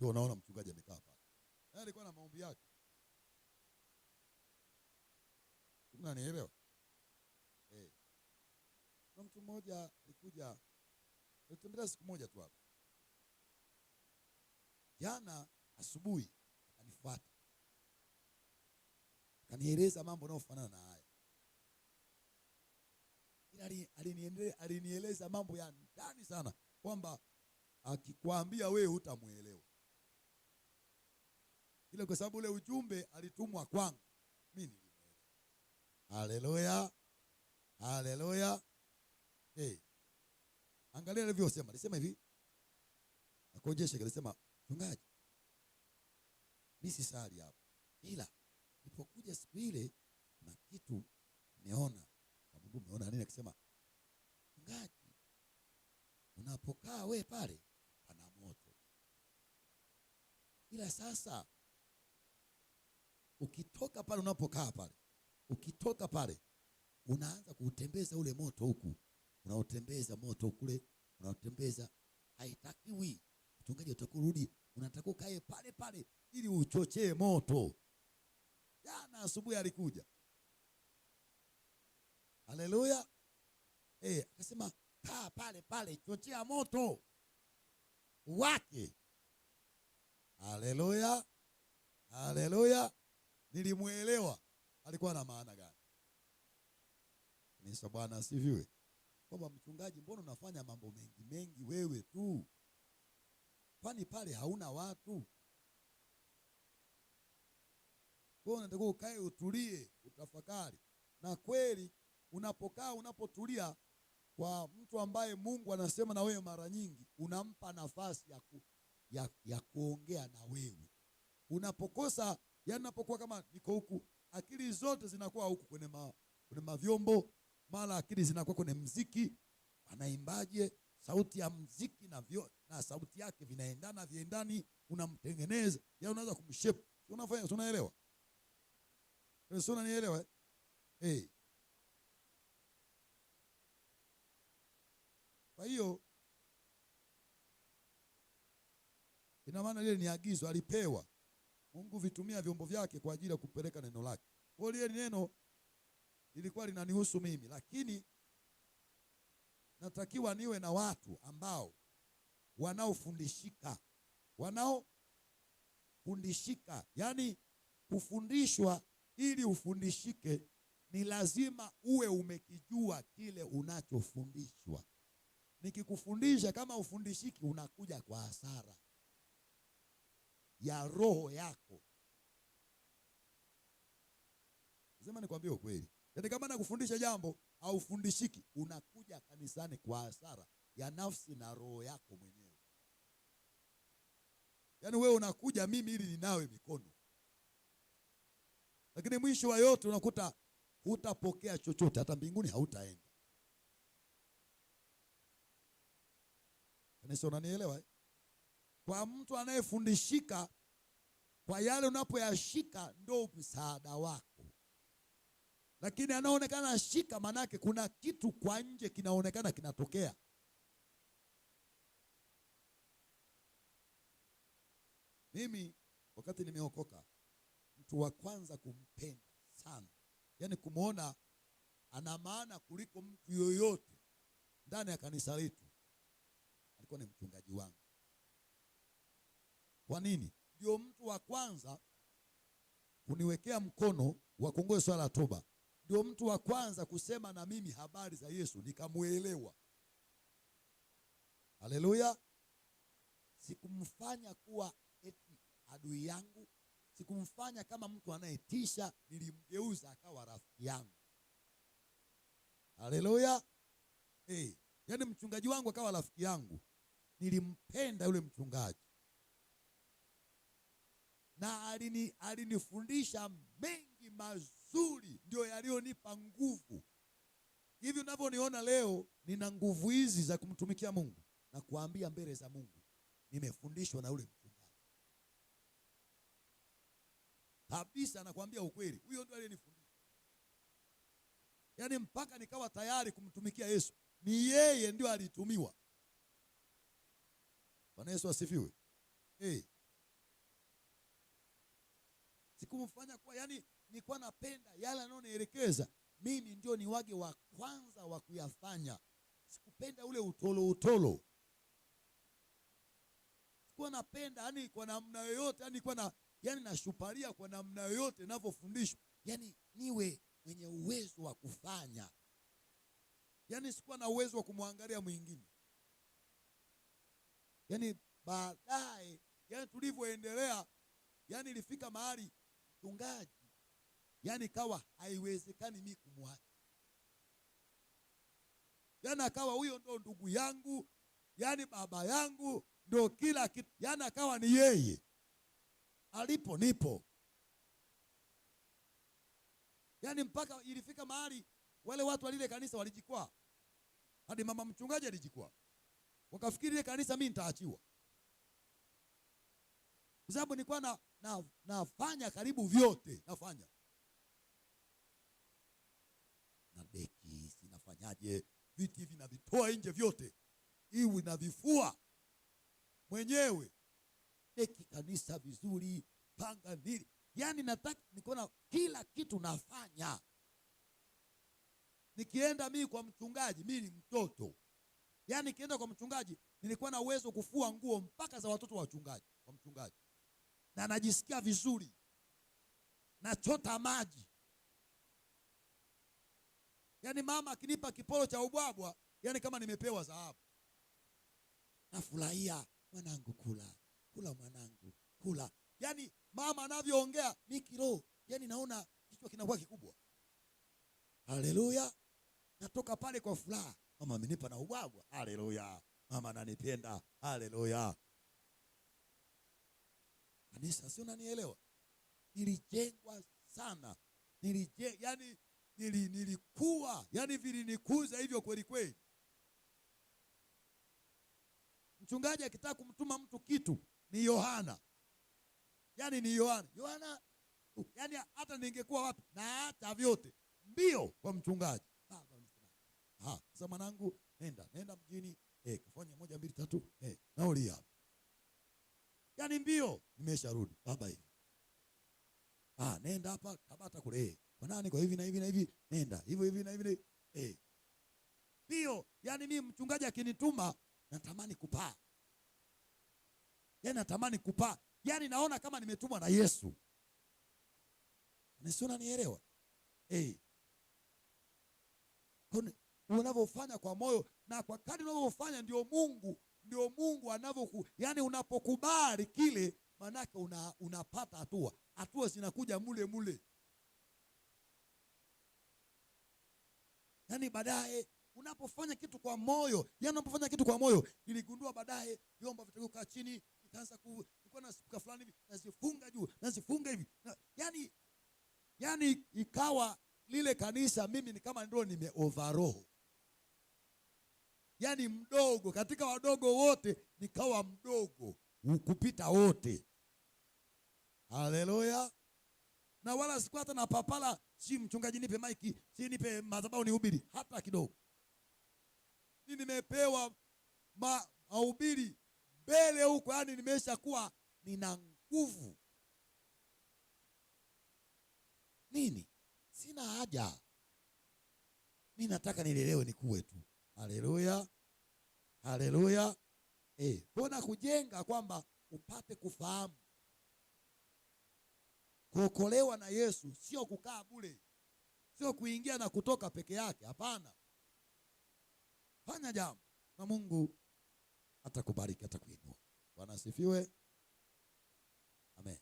Ndio unaona mchungaji amekaa pale. Yeye alikuwa na maombi yake. Unanielewa? Eh. Kuna mtu mmoja alikuja alitembelea siku moja tu hapa. Jana asubuhi akanifuata. Akanieleza mambo yanayofanana na haya. Ila alinieleza mambo ya ndani sana kwamba akikwambia wewe hutamwelewa ile, kwa sababu ule ujumbe alitumwa kwangu mimi. Haleluya, haleluya. Hey, eh, angalia alivyosema, alisema hivi, nakuonyesha. Alisema mchungaji, mimi sisali hapo, ila nilipokuja siku ile na kitu nimeona. Mungu umeona nini? Akisema mchungaji, unapokaa we pale pana moto, ila sasa Ukitoka pale unapokaa pale, ukitoka pale unaanza kuutembeza ule moto huku, unaotembeza moto kule, unaotembeza haitakiwi. Mchungaji utakurudi, unatakiwa ukae pale pale ili uchochee moto. Jana asubuhi alikuja, haleluya, eh, akasema kaa pale pale, chochea moto wake. Haleluya, haleluya nilimwelewa alikuwa na maana gani? Kanisa, Bwana asifiwe. Kwamba mchungaji, mbona unafanya mambo mengi mengi wewe tu? Kwani pale hauna watu? Kwa unataka ukae, utulie, utafakari. Na kweli unapokaa, unapotulia kwa mtu ambaye Mungu anasema na wewe, mara nyingi unampa nafasi ya, ku, ya, ya kuongea na wewe unapokosa yanapokuwa yaani kama niko huku, akili zote zinakuwa huku kwenye ma, kwenye mavyombo, mara akili zinakuwa kwenye mziki, anaimbaje, sauti ya mziki na vyo, na sauti yake vinaendana viendani, unamtengeneza ya yaani unaweza kumshape. Unafanya, unaelewa eh, Sio, nielewa eh? eh? Kwa hiyo ina maana lile ni agizo alipewa Mungu vitumia vyombo vyake kwa ajili ya kupeleka neno lake. Kwa hiyo neno lilikuwa linanihusu mimi, lakini natakiwa niwe na watu ambao wanaofundishika, wanaofundishika. Yaani kufundishwa ili ufundishike ni lazima uwe umekijua kile unachofundishwa. Nikikufundisha kama ufundishiki, unakuja kwa hasara ya roho yako. Lazima nikwambie ukweli, yaani kama nakufundisha jambo haufundishiki, unakuja kanisani kwa hasara ya nafsi na roho yako mwenyewe. Yaani wewe unakuja mimi ili ninawe mikono, lakini mwisho wa yote unakuta hutapokea chochote, hata mbinguni hautaenda. Kanisa, unanielewa eh? Kwa mtu anayefundishika kwa yale unapoyashika, ndo msaada wako. Lakini anaonekana shika, maanake kuna kitu kwa nje kinaonekana kinatokea. Mimi wakati nimeokoka, mtu wa kwanza kumpenda sana, yaani kumwona ana maana kuliko mtu yoyote ndani ya kanisa letu alikuwa ni mchungaji wangu. Kwa nini? Ndio mtu wa kwanza kuniwekea mkono wa kuongoza swala la toba, ndio mtu wa kwanza kusema na mimi habari za Yesu nikamuelewa. Haleluya! Sikumfanya kuwa eti adui yangu, sikumfanya kama mtu anayetisha, nilimgeuza akawa rafiki yangu. Haleluya! Hey, eh, yaani mchungaji wangu akawa rafiki yangu, nilimpenda yule mchungaji na alini, alinifundisha mengi mazuri, ndio yaliyonipa nguvu. Hivi unavyoniona leo, nina nguvu hizi za kumtumikia Mungu na kuambia mbele za Mungu, nimefundishwa na ule mchungaji kabisa. Nakwambia ukweli, huyo ndio aliyenifundisha, yaani mpaka nikawa tayari kumtumikia Yesu, ni yeye ndio alitumiwa. Bwana Yesu asifiwe. Hey sikumfanya kuwa yani, nilikuwa napenda yale anayonielekeza mimi, ndio ni wage wa kwanza wa kuyafanya. Sikupenda ule utolo utolo, sikuwa napenda yani kwa namna yoyote yani, kwa na yani nashupalia kwa namna yoyote ninavyofundishwa, yani niwe mwenye uwezo wa kufanya yani, sikuwa na uwezo wa kumwangalia mwingine yani baadaye yani tulivyoendelea yani ilifika mahali mchungaji, yaani kawa haiwezekani mi kumwacha, yaani akawa huyo ndo ndugu yangu, yaani baba yangu ndo kila kitu, yaani akawa ni yeye, alipo nipo, yaani mpaka ilifika mahali wale watu wa lile kanisa walijikwaa, hadi mama mchungaji alijikwaa, wakafikiri ile kanisa mimi nitaachiwa, kwa sababu nilikuwa na na nafanya karibu vyote nafanya na deki sinafanyaje, viti hivi navitoa nje vyote, iwi navifua mwenyewe, deki kanisa vizuri, panga nili, yani nataka nikuona kila kitu nafanya. Nikienda mii kwa mchungaji, mimi ni mtoto yani, nikienda kwa mchungaji nilikuwa na uwezo kufua nguo mpaka za watoto wa wachungaji, wa mchungaji na najisikia vizuri, nachota maji. Yaani mama akinipa kiporo cha ubwabwa, yaani kama nimepewa dhahabu. Nafurahia, mwanangu, kula kula, mwanangu kula. Yaani mama anavyoongea mi kiroho, yaani naona kichwa kinakuwa kikubwa. Haleluya, natoka pale kwa furaha, mama amenipa na ubwabwa. Haleluya, mama ananipenda. Haleluya kanisa, si unanielewa? Nilijengwa sana nilije, yani nili, nilikuwa yani vilinikuza hivyo kweli kweli. Mchungaji akitaka kumtuma mtu kitu ni Yohana, yani ni Yohana Yohana, uh, yani hata ningekuwa wapi na hata vyote mbio kwa mchungaji baba Ha, sasa mwanangu nenda, nenda mjini, eh, kafanya moja mbili tatu, eh, naulia Yaani mbio nimesharudi baba hivi. Ah, nenda hapa Tabata kule. Eh, kwa nani? Kwa hivi na hivi na hivi. Nenda. Hivyo hivi na hivi. Eh. Ndio, yani mimi mchungaji akinituma natamani kupaa. Yaani natamani kupaa. Yaani naona kama nimetumwa na Yesu. Nisiona nielewa. Eh. Kuna unavyofanya kwa moyo na kwa kadri unavyofanya ndio Mungu ndio Mungu anavyoku, yani unapokubali kile maanake una, unapata hatua hatua zinakuja mule mule, yaani baadaye unapofanya kitu kwa moyo, yaani unapofanya kitu kwa moyo, niligundua baadaye vyombo vitakiwa chini, nikaanza ku nilikuwa na spika fulani hivi nazifunga juu nazifunga hivi na, yaani yaani ikawa lile kanisa mimi ni kama ndio roho yaani mdogo katika wadogo wote nikawa mdogo kupita wote. Haleluya. Na wala sikuwa hata na papala, si mchungaji nipe maiki, si nipe madhabahu nihubiri hata kidogo. Ni nimepewa mahubiri mbele huko, yani nimesha kuwa nina nguvu nini, sina haja. Mi nataka nilelewe nikuwe tu. Haleluya, haleluya. Eh, kujenga kwamba upate kufahamu Kuokolewa na Yesu sio kukaa bure, sio kuingia na kutoka peke yake. Hapana, fanya jambo na Mungu atakubariki, atakuinua. Bwana asifiwe, amen.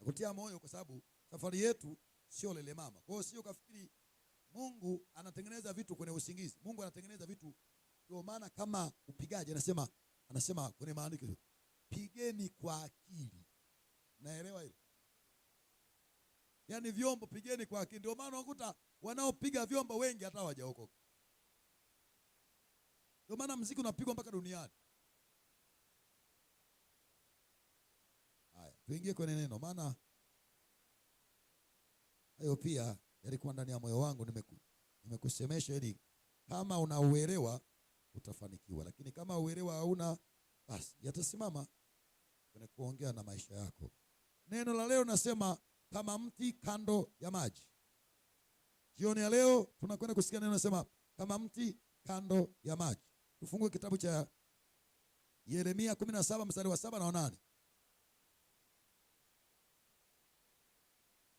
Nakutia moyo kwa sababu safari yetu sio lele mama. Kwa hiyo sio kafikiri Mungu anatengeneza vitu kwenye usingizi. Mungu anatengeneza vitu, ndio maana kama upigaji anasema, anasema kwenye maandiko pigeni kwa akili. Naelewa hilo Yaani vyombo pigeni kwa Ndio maana unakuta wanaopiga vyombo wengi hata hawajaokoka. Ndio maana mziki unapigwa mpaka duniani. Haya, tuingie kwenye neno, maana hayo pia yalikuwa ndani ya moyo wangu. Nimekusemesha ili kama unauelewa utafanikiwa, lakini kama uelewa hauna, basi yatasimama kwenye kuongea na maisha yako. Neno la leo nasema kama mti kando ya maji. Jioni ya leo tunakwenda kusikia neno nasema kama mti kando ya maji. Tufungue kitabu cha Yeremia 17 mstari wa saba na wa nane.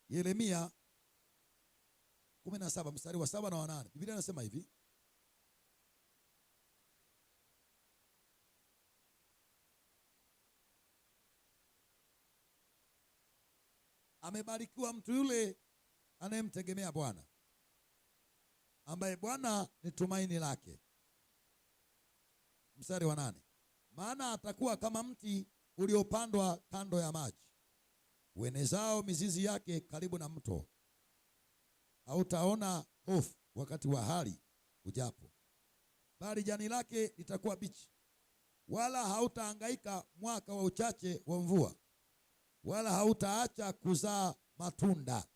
Yeremia 17 mstari wa saba na wa nane. Biblia inasema hivi Amebarikiwa mtu yule anayemtegemea Bwana, ambaye Bwana ni tumaini lake. Mstari wa nane, maana atakuwa kama mti uliopandwa kando ya maji, wenezao mizizi yake karibu na mto, hautaona hofu wakati wa hali ujapo, bali jani lake litakuwa bichi, wala hautahangaika mwaka wa uchache wa mvua wala hautaacha kuzaa matunda.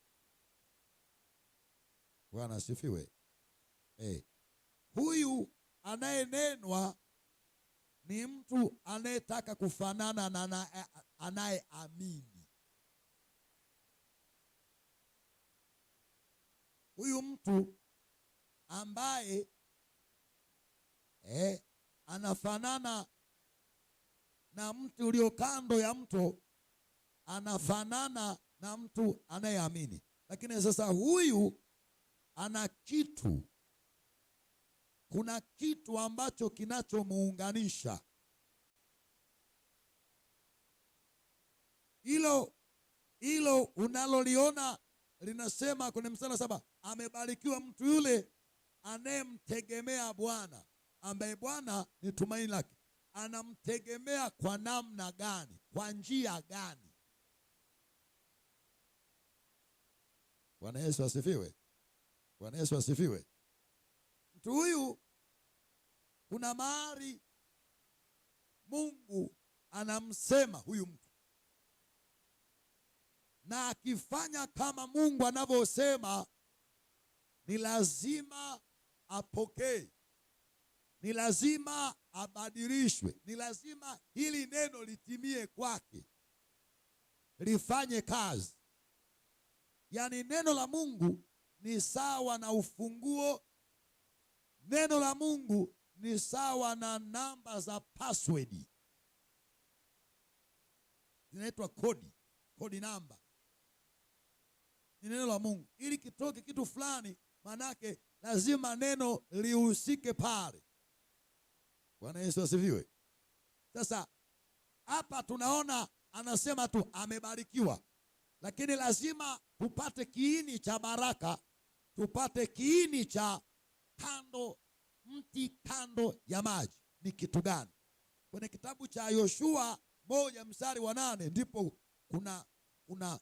Bwana asifiwe. Eh, Huyu anayenenwa ni mtu anayetaka kufanana na anayeamini. Huyu mtu ambaye eh, anafanana na mti ulio kando ya mto anafanana na mtu anayeamini, lakini sasa huyu ana kitu, kuna kitu ambacho kinachomuunganisha. Hilo hilo unaloliona linasema kwenye mstari saba, amebarikiwa mtu yule anayemtegemea Bwana, ambaye Bwana ni tumaini lake. Anamtegemea kwa namna gani? Kwa njia gani? Bwana Yesu asifiwe. Bwana Yesu asifiwe. Mtu huyu kuna mahali Mungu anamsema huyu mtu, na akifanya kama Mungu anavyosema ni lazima apokee, ni lazima abadilishwe, ni lazima hili neno litimie kwake, lifanye kazi. Yaani neno la Mungu ni sawa na ufunguo. Neno la Mungu ni sawa na namba za password, zinaitwa kodi, kodi namba. Ni neno la Mungu. Ili kitoke kitu fulani, manake lazima neno lihusike pale. Bwana Yesu asifiwe. Sasa hapa tunaona anasema tu amebarikiwa lakini lazima tupate kiini cha baraka, tupate kiini cha kando, mti kando ya maji ni kitu gani? Kwenye kitabu cha Yoshua moja mstari wa nane ndipo kuna kuna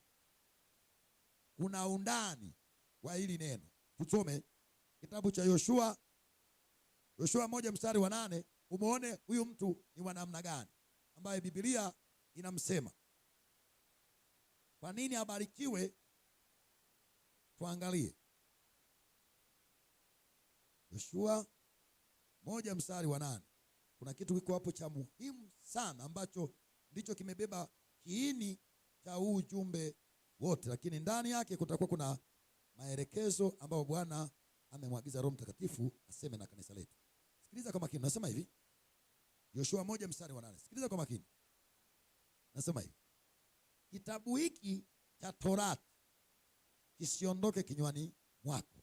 kuna undani wa hili neno. Tusome kitabu cha Yoshua, Yoshua moja mstari wa nane, umeone huyu mtu ni wa namna gani ambaye Biblia inamsema kwa nini abarikiwe? Tuangalie Yoshua moja mstari wa nane. Kuna kitu kiko hapo cha muhimu sana ambacho ndicho kimebeba kiini cha huu ujumbe wote, lakini ndani yake kutakuwa kuna maelekezo ambayo Bwana amemwagiza Roho Mtakatifu aseme na kanisa letu. Sikiliza kwa makini, nasema hivi Yoshua moja mstari wa nane. Sikiliza kwa makini, nasema hivi kitabu hiki cha Torati kisiondoke kinywani mwako,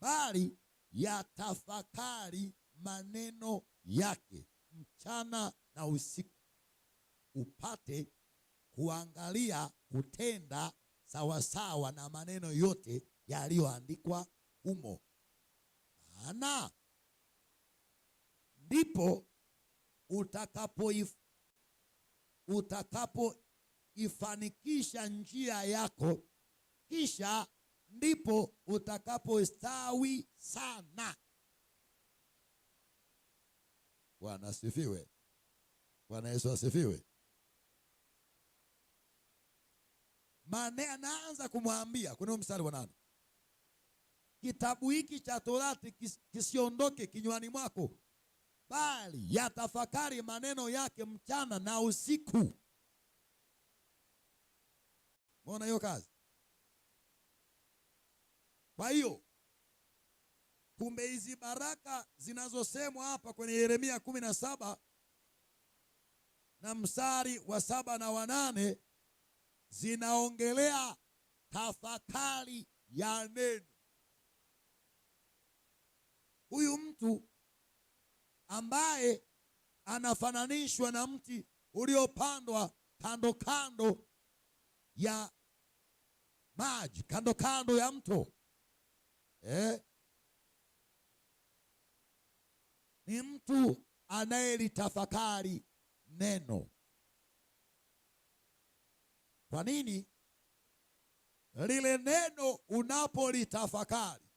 bali yatafakari maneno yake mchana na usiku, upate kuangalia kutenda sawasawa na maneno yote yaliyoandikwa humo, maana ndipo utakapo utakapo ifanikisha njia yako, kisha ndipo utakapostawi sana. Bwana asifiwe. Bwana Yesu asifiwe. Mane anaanza kumwambia kuna mstari wa nane, kitabu hiki cha Torati kis, kisiondoke kinywani mwako, bali yatafakari maneno yake mchana na usiku Mwona hiyo kazi? Kwa hiyo kumbe hizi baraka zinazosemwa hapa kwenye Yeremia kumi na saba na msari wa saba na wanane zinaongelea tafakari ya neno. Huyu mtu ambaye anafananishwa na mti uliopandwa kando kando ya maji kando kando ya mto eh? Ni mtu anayelitafakari neno. Kwa nini? Lile neno unapolitafakari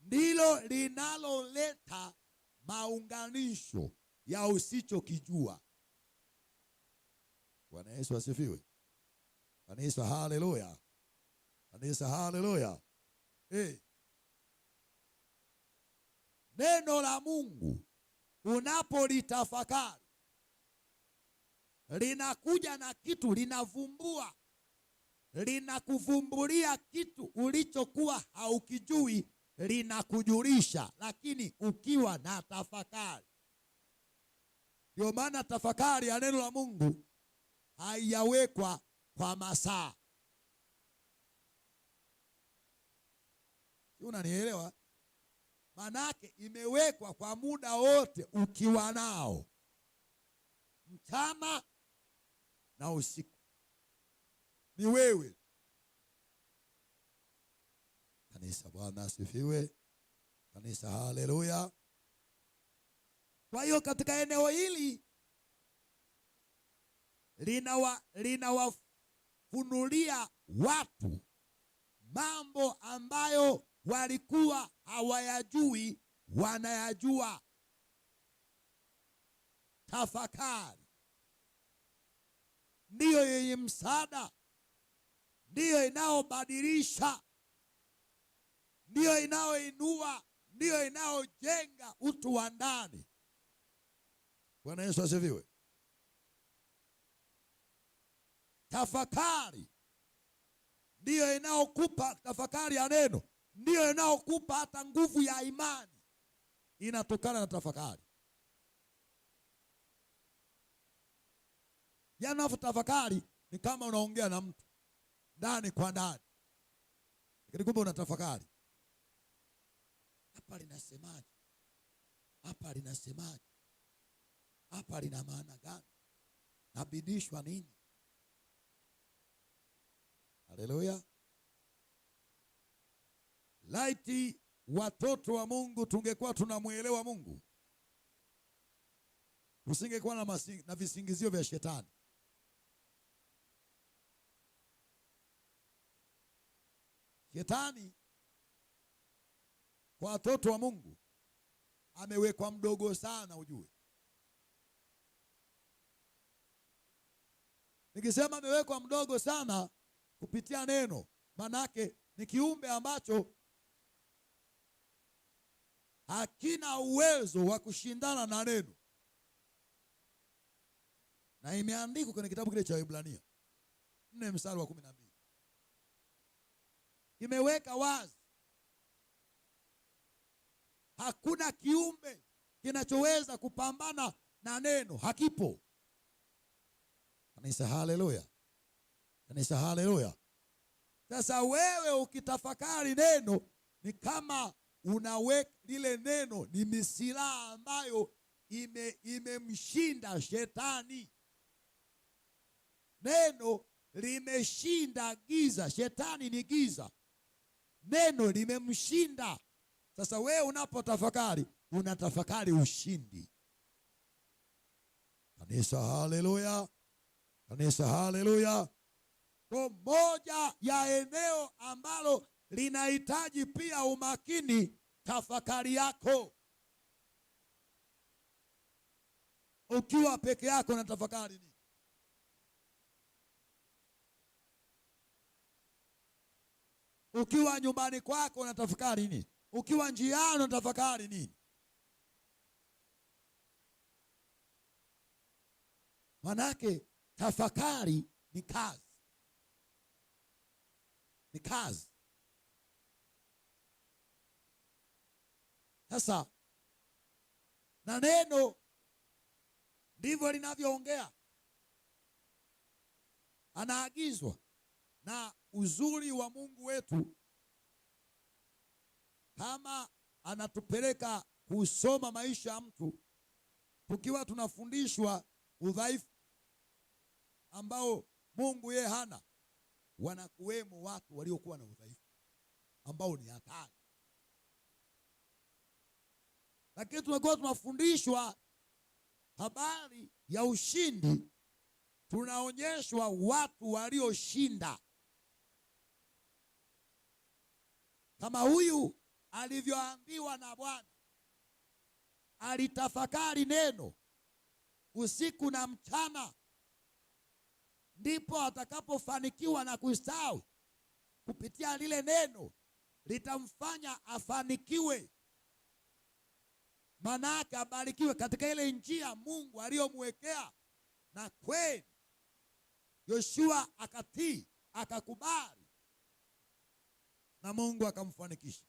ndilo linaloleta maunganisho ya usichokijua. Bwana Yesu asifiwe. Kanisa, haleluya! Kanisa, haleluya! Hey. Eh. Neno la Mungu unapolitafakari linakuja na kitu, linavumbua, linakuvumbulia kitu ulichokuwa haukijui, linakujulisha, lakini ukiwa na tafakari. Ndio maana tafakari ya neno la Mungu haiyawekwa kwa masaa. Unanielewa? Manake imewekwa kwa muda wote, ukiwa nao mchana na usiku, ni wewe kanisa. Bwana asifiwe kanisa, haleluya. Kwa hiyo katika eneo hili linawa, linawa kufunulia watu mambo ambayo walikuwa hawayajui, wanayajua. Tafakari ndiyo yenye msaada, ndiyo inayobadilisha, ndiyo inayoinua, ndiyo inayojenga utu wa ndani. Bwana Yesu asifiwe. Tafakari ndiyo inayokupa tafakari ya neno ndiyo inayokupa hata nguvu ya imani, inatokana na tafakari. Yaani hapo tafakari ni kama unaongea na mtu ndani kwa ndani, lakini kumbe una tafakari. Hapa linasemaje? Hapa linasemaje? Hapa lina maana gani? Nabidishwa nini? Haleluya! Laiti watoto wa Mungu tungekuwa tunamwelewa Mungu, tusingekuwa na, na visingizio vya shetani. Shetani kwa watoto wa Mungu amewekwa mdogo sana, ujue. Nikisema amewekwa mdogo sana kupitia neno. Manake ni kiumbe ambacho hakina uwezo wa kushindana na neno, na imeandikwa kwenye kitabu kile cha Waebrania nne mstari wa kumi na mbili imeweka wazi, hakuna kiumbe kinachoweza kupambana na neno, hakipo. Kanisa, haleluya! Kanisa, haleluya. Sasa wewe ukitafakari neno ni kama unawe lile neno ni misilaha ambayo imemshinda ime shetani. Neno limeshinda giza. Shetani ni giza, neno limemshinda. Sasa wewe unapotafakari unatafakari ushindi. Kanisa, haleluya. Kanisa, haleluya. Kwa moja ya eneo ambalo linahitaji pia umakini, tafakari yako ukiwa peke yako na tafakari ni ukiwa nyumbani kwako na tafakari nini? Ukiwa njiani na tafakari nini? Manake tafakari ni kazi ni kazi. Sasa na neno ndivyo linavyoongea, anaagizwa na uzuri wa Mungu wetu, kama anatupeleka kusoma maisha ya mtu tukiwa tunafundishwa udhaifu ambao Mungu yeye hana wanakuwemo watu waliokuwa na udhaifu ambao ni hatari, lakini tunakuwa tunafundishwa habari ya ushindi, tunaonyeshwa watu walioshinda kama huyu alivyoambiwa na Bwana. Alitafakari neno usiku na mchana ndipo atakapofanikiwa na kustawi kupitia lile neno, litamfanya afanikiwe, maanake abarikiwe katika ile njia Mungu aliyomwekea. Na kweli Yoshua akatii, akakubali na Mungu akamfanikisha.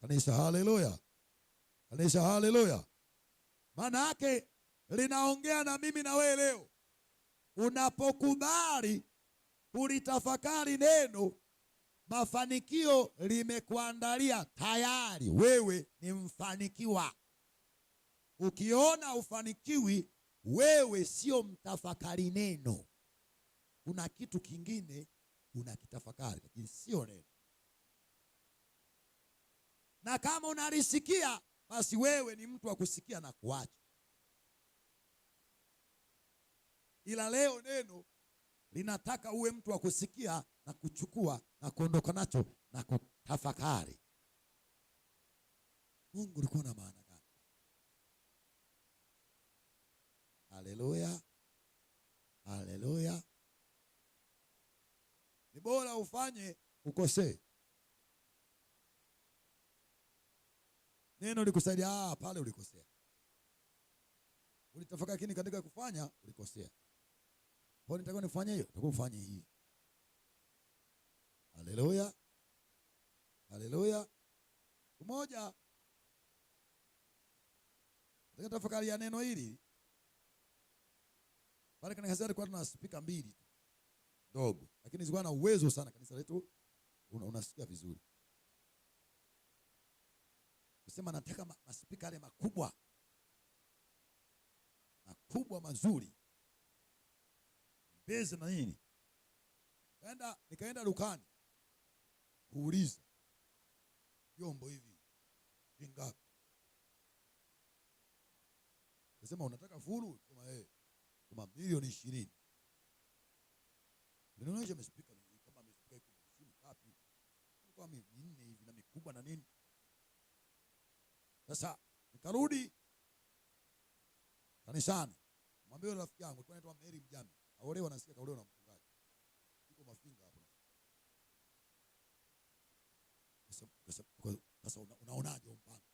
Kanisa, haleluya! Kanisa, haleluya! Maana yake linaongea na mimi na wewe leo Unapokubali kulitafakari neno, mafanikio limekuandalia tayari. Wewe ni mfanikiwa. Ukiona ufanikiwi, wewe sio mtafakari neno, kuna kitu kingine unakitafakari, lakini sio neno. Na kama unalisikia, basi wewe ni mtu wa kusikia na kuacha ila leo neno linataka uwe mtu wa kusikia na kuchukua na kuondoka nacho na kutafakari. Mungu ulikuwa na maana gani? Haleluya, haleluya. Ni bora ufanye ukosee, neno likusaidia. Ah, pale ulikosea, ulitafakari, lakini katika kufanya ulikosea. Kwa nitakuwa nifanye hiyo, nitakuwa nifanye hii. Haleluya. Haleluya. Umoja. Nataka tafakari ya neno hili. Pale kanisa letu kwa tuna spika mbili tu. Ndogo. Lakini zilikuwa na uwezo sana kanisa letu. Unasikia vizuri. Kusema nataka maspika yale makubwa. Makubwa mazuri. Bezi na nini. Kaenda nikaenda dukani kuuliza vyombo hivi vingapi? Kasema unataka fulu kama eh, kama milioni 20. Ninaonyesha amespika kama amespika iko simu ngapi? Yaani kwa minne hivi na mikubwa na nini? Sasa nikarudi kanisani. Mwambie rafiki yangu tunaitwa Mary Mjami. Kaolewa nasikia kaolewa na mchungaji. Iko mafinga hapo. Sasa unaonaje mpango?